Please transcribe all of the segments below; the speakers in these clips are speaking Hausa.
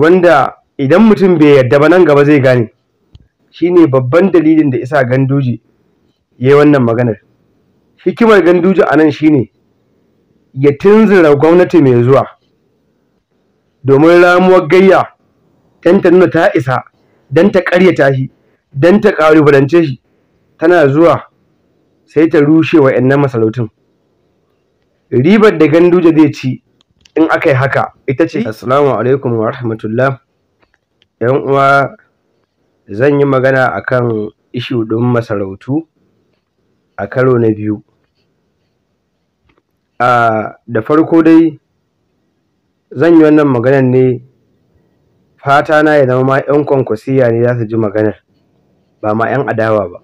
wanda idan mutum bai yarda ba nan gaba zai gane shine babban dalilin da isa Ganduji ya yi wannan maganar hikimar Ganduji a nan shine ya tunzura gwamnati mai zuwa domin ramuwar gayya don ta nuna ta isa don ta karyata shi don ta ƙalubalance shi tana zuwa sai ta rushe wa 'yan masarautun ribar da ganduje zai ci in aka yi haka ita ce assalamu alaikum wa rahmatullah yan uwa zan yi magana akan ishu ɗin masarautu a karo na biyu a da farko dai zan yi wannan maganar ne fata na ya zama ma 'yan kwankwasiya ne za su ji maganar ba ma 'yan adawa ba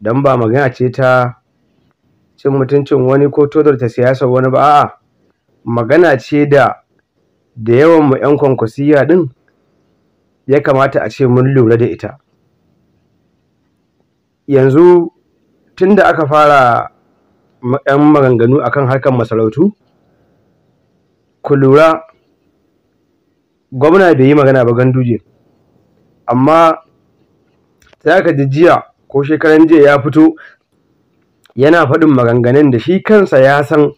don ba magana ce ta cin mutuncin wani ko tozarta siyasar wani ba a'a magana ce da da yawanmu 'yan kwankwasiyya ɗin ya kamata a ce mun lura da ita yanzu tun da aka fara 'yan maganganu akan harkar masarautu ku lura gwamna bai yi magana ba ganduje amma ta aka jiya ko shekaran jiya ya fito yana faɗin maganganun da shi kansa ya san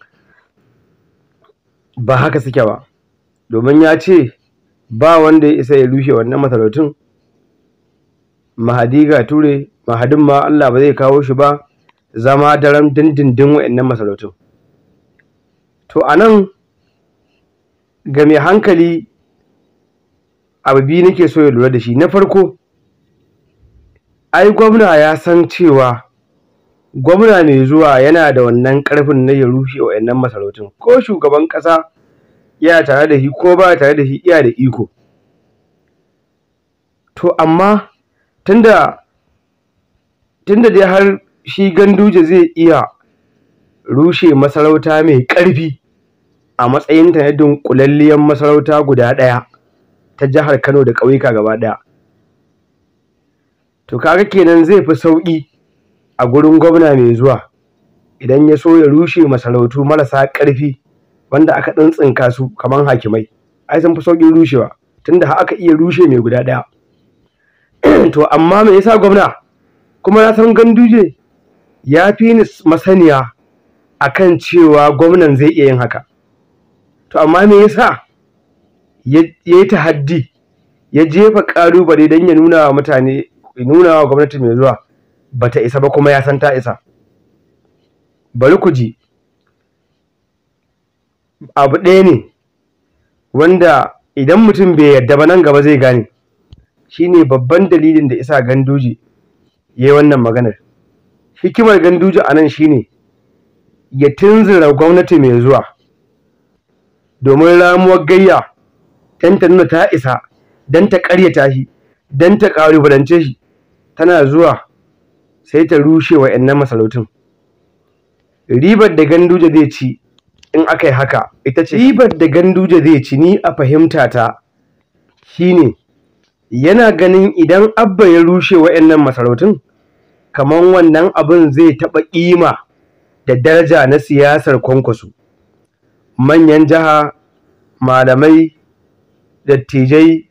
ba haka suke ba domin ya ce ba wanda ya isa ya rushe wannan masarautun mahadi ga ture mahadin ma Allah ba zai kawo shi ba zama daren dindindin wa'annan masarautun to a nan ga mai hankali abu biyu nake so ya lura da shi na farko ai gwamna ya san cewa gwamna mai zuwa yana da wannan ƙarfin na ya rushe wa'annan masarautun ko shugaban ƙasa yana tare da shi ko ba tare da shi iya da iko to amma tunda tunda har shi ganduje zai iya rushe masarauta mai ƙarfi a matsayinta na dunkulalliyar masarauta guda ɗaya ta jihar Kano da ƙauyuka gaba ɗaya to kaga kenan zai fi sauƙi a gurin gwamna mai zuwa idan ya so ya rushe masarautu marasa ƙarfi wanda aka tsintsinka su kamar hakimai ai sun fi sauƙin rushewa tunda har aka iya rushe mai guda ɗaya to amma me yasa gwamna kuma na san ganduje ya fi ni masaniya akan cewa gwamnan zai iya yin haka to amma me yasa ya yi tahaddi ya jefa ƙalubale don ya nuna wa mutane nuna wa gwamnati mai zuwa bata isa ba kuma ya san ta isa bari ku ji abu ɗaya ne wanda idan mutum bai yarda ba nan gaba zai gane shine babban dalilin da isa ganduji ya yi wannan maganar hikimar ganduji a nan shine ya tunzura gwamnati mai zuwa domin ramuwar gayya don ta nuna ta isa don ta karyata shi don ta ƙalubalance shi tana zuwa sai ta rushe wa ƴannan masarautun ribar da ganduje zai ci in aka yi haka ita ce ribar da ganduje zai ci ni a fahimta ta ne. yana ganin idan abba ya rushe wa ƴannan masarautun kamar wannan abin zai taɓa ƙima da daraja na siyasar kwankwaso manyan jiha malamai dattijai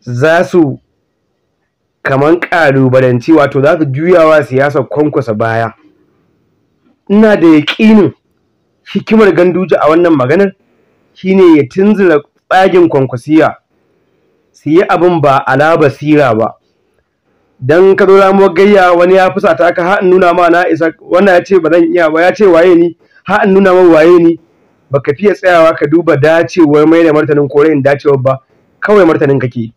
za su kaman ƙalubalanci wato za su juyawa siyasar kwankwasa baya ina da yaƙinin hikimar ganduje a wannan maganar shine ya tunzura tsagin kwankwasiya su yi abin ba ala basira ba dan ka zo ramu gayya wani ya fusa ta ka ha'in nuna ma na isa wannan ya ce ba zan iya ba ya ce waye ni ha'in nuna ma waye ni baka fiye tsayawa ka duba dacewar mai da martanin kore in dacewar ba kawai martanin kake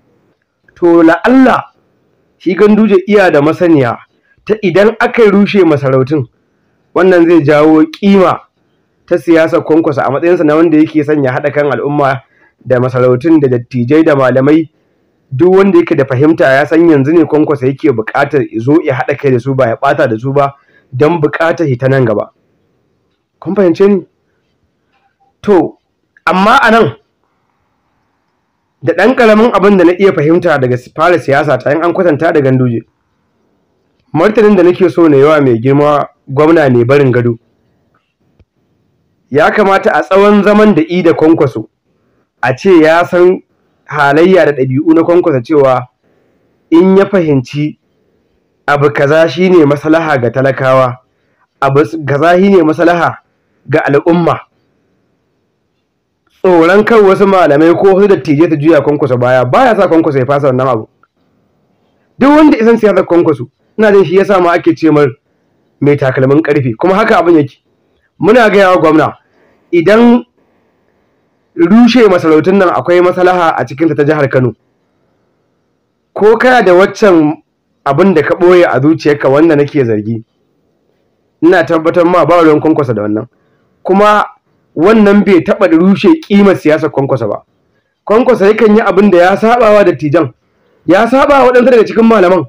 to la'alla shi ganduje iya da masaniya ta idan aka rushe masarautun wannan zai jawo kima ta siyasa kwankwasa a matsayinsa na wanda yake sanya haɗa kan al'umma da masarautun da dattijai da malamai duk wanda yake da fahimta ya san yanzu ne kwankwasa yake buƙatar zo ya haɗa kai da su ba ya ɓata da su ba don buƙatar hita nan gaba kun fahimce ni to amma a nan da ɗan ƙaramin abin da na iya fahimta daga fara siyasa ta yin an kwatanta da ganduje martanin da nake so na yawa mai girma gwamna ne barin gado ya kamata a tsawon zaman da i da kwankwaso a ce ya san halayya da ɗabi'u na kwankwaso cewa in ya fahimci abu kaza shine maslaha ga talakawa abu kaza shine maslaha ga al'umma tsoron kan wasu malamai ko wasu dattijai su juya kwankwasa baya baya sa kwankwasa ya fasa wannan abu duk wanda isan siyasar kwankwasu ina jin shi yasa ma ake ce mar mai takalmin karfi kuma haka abin yake muna gaya wa gwamna idan rushe masarautun nan akwai maslaha a cikin ta jihar Kano ko kana da waccan abin da ka boye a zuciyarka wanda nake zargi ina tabbatar ma ba ruwan kwankwasa da wannan kuma wannan bai taɓa rushe ƙimar siyasar kwankwasa ba kwankwasa yakan yi abin da ya sabawa dattijan ya saba waɗansu daga cikin malaman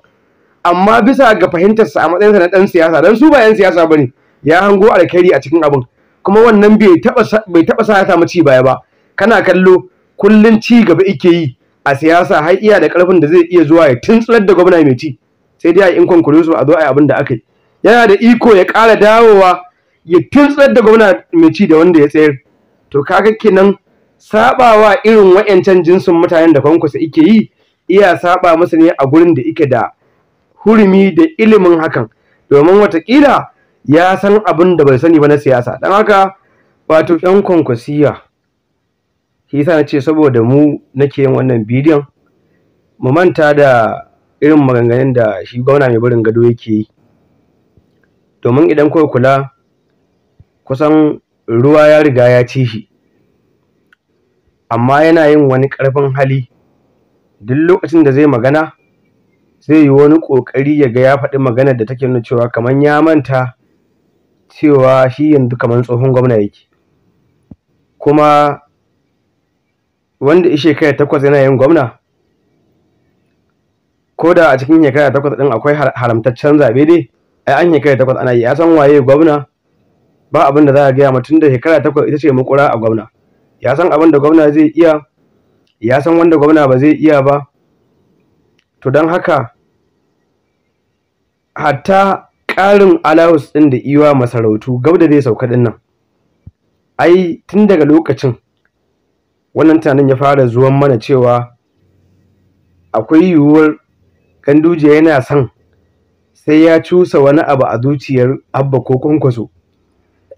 amma bisa ga fahimtarsa a matsayinsa na ɗan siyasa don su ba 'yan siyasa ba ne ya hango alkhairi a cikin abin kuma wannan bai taɓa sa ya samu ci baya ba kana kallo kullum ci gaba ike yi a siyasa har iya da ƙarfin da zai iya zuwa ya tuntsular da gwamna mai ci sai dai a in konkure a zo a abin da aka yi yana da iko ya ƙara dawowa ya tuntsar da gwamna mai ci da wanda ya tsayar to kaga kenan sabawa irin wa'yancan jinsin mutanen da kwankwasa ike yi iya saba musu ne a gurin da ike da hurumi da ilimin hakan domin watakila ya san abin da bai sani ba na siyasa don haka wato yan kwankwasiya shi yasa na ce saboda mu nake yin wannan bidiyon mu manta da irin maganganun da shi gwamna mai barin gado yake yi domin idan kawai kula kusan ruwa ya riga ya ci shi amma yana yin wani ƙarfin hali duk lokacin da zai magana zai yi wani ƙoƙari ya ga ya faɗi maganar da take nuna cewa kamar ya manta cewa shi yanzu kamar tsohon gwamna yake kuma wanda ya da takwas yana yin gwamna ko da a cikin shekara takwas ɗin akwai haramtaccen zaɓe dai ai an shekara takwas ana yi ya san waye gwamna ba abin da za a gaya ma tun da shekara takwas ita ce makura a gwamna ya san abin da gwamna zai iya ya san wanda gwamna ba zai iya ba to don haka hatta ƙarin alawus ɗin da iwa masarautu gab da zai sauka ɗin nan ai tun daga lokacin wannan tunanin ya fara zuwan mana cewa akwai yiwuwar gandujiya yana son sai ya cusa wani abu a zuciyar abba ko kwankwaso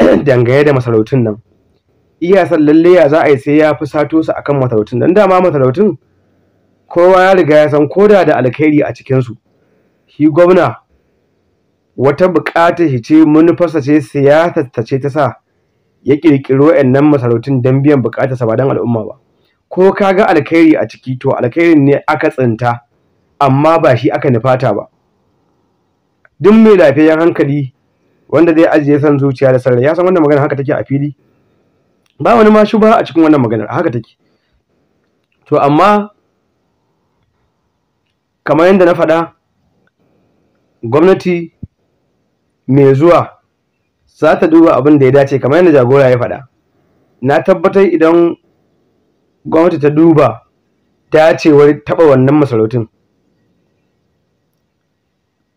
Dangaye da masarautun nan iya san lalle ya za a yi sai ya fi sato su akan masarautun dan dama masarautun kowa ya riga ya san koda da alkhairi a cikin su shi gwamna wata bukata shi ce manufarsa ce siyasa ta ce ta sa ya ƙirƙiri wayannan masarautun dan biyan buƙatarsa ba don al'umma ba ko ka ga alkhairi a ciki to alkhairin ne aka tsinta amma ba shi aka nufata ba duk mai lafiyayyen hankali wanda zai ajiye san zuciya da sarrai ya san wannan magana haka take a fili ba wani ma shuba a cikin wannan maganar haka take to amma kamar yadda na faɗa gwamnati mai zuwa za ta duba abin da ya dace kamar yadda jagora ya faɗa na tabbatar idan gwamnati ta duba dacewar taɓa wannan masarautun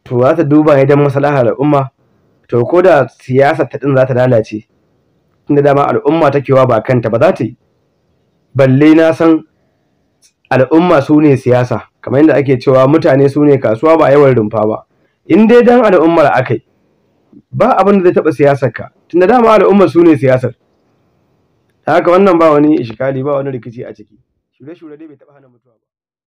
to za ta duba idan don maslahar al'umma to ko da siyasa ta din za ta lalace tunda dama al'umma take wa ba kanta ba za ta yi balle na san al'umma su ne siyasa kamar yadda ake cewa mutane su ne kasuwa ba yawan rumfa ba in dai dan al'ummar akai ba abin da zai taɓa siyasar ka tunda dama al'ummar su ne siyasar haka wannan ba wani ishikali ba wani rikici a ciki shure-shure dai bai taɓa hana mutum